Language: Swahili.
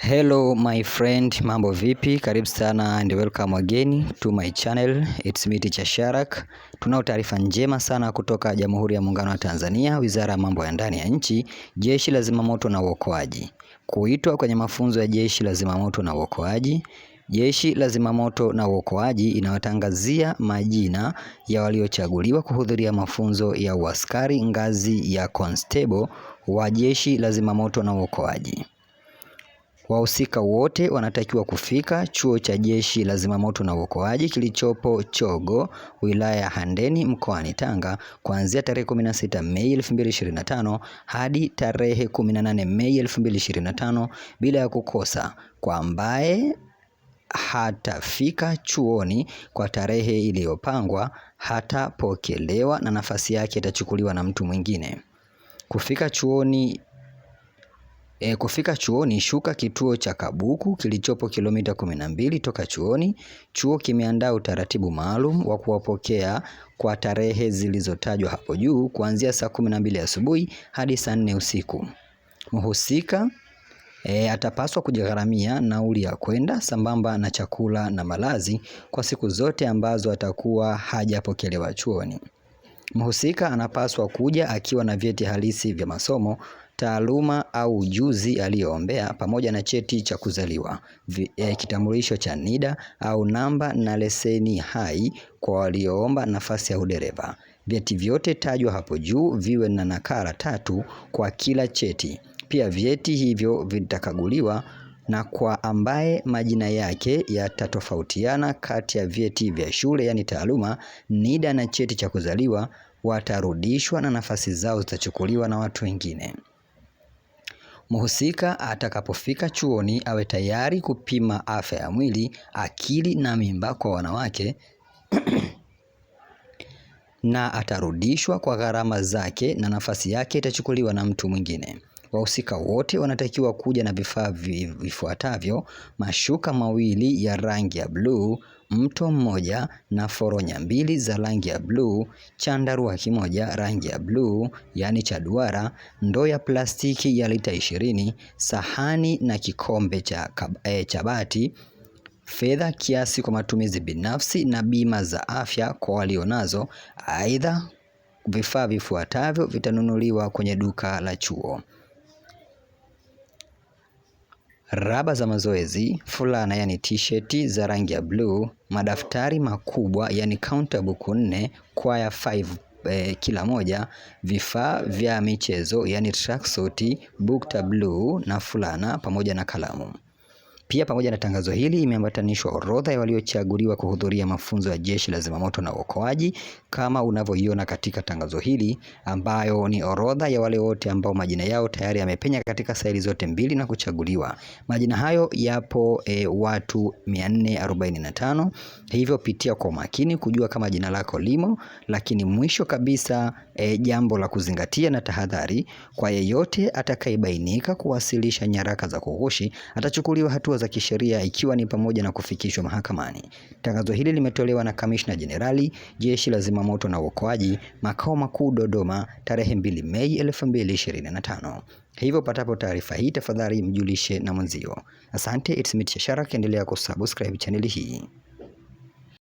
Hello my friend, mambo vipi? Karibu sana and welcome again to my channel. It's me Teacher Sharak. Tunao taarifa njema sana kutoka Jamhuri ya Muungano wa Tanzania, Wizara ya Mambo ya Ndani ya Nchi, Jeshi la Zimamoto na Uokoaji. Kuitwa kwenye mafunzo ya Jeshi la Zimamoto na Uokoaji. Jeshi la Zimamoto na Uokoaji inawatangazia majina ya waliochaguliwa kuhudhuria mafunzo ya uaskari ngazi ya constable wa Jeshi la Zimamoto na Uokoaji. Wahusika wote wanatakiwa kufika Chuo cha Jeshi la Zimamoto na Uokoaji kilichopo Chogo, wilaya ya Handeni, mkoani Tanga, kuanzia tarehe 16 Mei 2025 hadi tarehe 18 Mei 2025 bila ya kukosa, kwa ambaye hatafika chuoni kwa tarehe iliyopangwa hatapokelewa na nafasi yake itachukuliwa na mtu mwingine. Kufika chuoni E, kufika chuoni shuka kituo cha Kabuku kilichopo kilomita 12 toka chuoni. Chuo kimeandaa utaratibu maalum wa kuwapokea kwa tarehe zilizotajwa hapo juu kuanzia saa 12 asubuhi hadi saa 4 usiku. Mhusika e, atapaswa kujigharamia nauli ya kwenda sambamba na chakula na malazi kwa siku zote ambazo atakuwa hajapokelewa chuoni. Mhusika anapaswa kuja akiwa na vyeti halisi vya masomo taaluma au ujuzi aliyoombea pamoja na cheti cha kuzaliwa, e, kitambulisho cha NIDA au namba na leseni hai kwa walioomba nafasi ya udereva. Vyeti vyote tajwa hapo juu viwe na nakala tatu kwa kila cheti. Pia vyeti hivyo vitakaguliwa na kwa ambaye majina yake yatatofautiana kati ya vyeti vya shule yaani taaluma, NIDA na cheti cha kuzaliwa watarudishwa na nafasi zao zitachukuliwa na watu wengine. Mhusika atakapofika chuoni awe tayari kupima afya ya mwili, akili na mimba kwa wanawake na atarudishwa kwa gharama zake na nafasi yake itachukuliwa na mtu mwingine. Wahusika wote wanatakiwa kuja na vifaa vifuatavyo: mashuka mawili ya rangi ya bluu, mto mmoja na foronya mbili za rangi ya bluu, chandarua kimoja rangi ya bluu yaani cha duara, ndoo ya plastiki ya lita ishirini, sahani na kikombe cha bati, e, fedha kiasi kwa matumizi binafsi na bima za afya kwa walionazo. Aidha, vifaa vifuatavyo vitanunuliwa kwenye duka la chuo raba za mazoezi, fulana yani t-shirt za rangi ya bluu, madaftari makubwa yani counter book nne, kwaya 5 eh, kila moja, vifaa vya michezo yani tracksuit, bukta bluu na fulana pamoja na kalamu. Pia pamoja na tangazo hili imeambatanishwa orodha ya waliochaguliwa kuhudhuria mafunzo ya Jeshi la Zimamoto na Uokoaji kama unavyoiona katika tangazo hili, ambayo ni orodha ya wale wote ambao majina yao tayari yamepenya katika saili zote mbili na kuchaguliwa. Majina hayo yapo e, watu 445. Hivyo pitia kwa makini kujua kama jina lako limo, lakini mwisho kabisa e, jambo la kuzingatia na tahadhari kwa yeyote atakayebainika kuwasilisha nyaraka za kughushi atachukuliwa hatua za kisheria ikiwa ni pamoja na kufikishwa mahakamani. Tangazo hili limetolewa na Kamishna Jenerali Jeshi la Zimamoto na Uokoaji makao makuu Dodoma tarehe 2 Mei 2025. Hivyo patapo taarifa hii tafadhali mjulishe na mwenzio. Asante, it's me Shashara, kiendelea kusubscribe chaneli hii.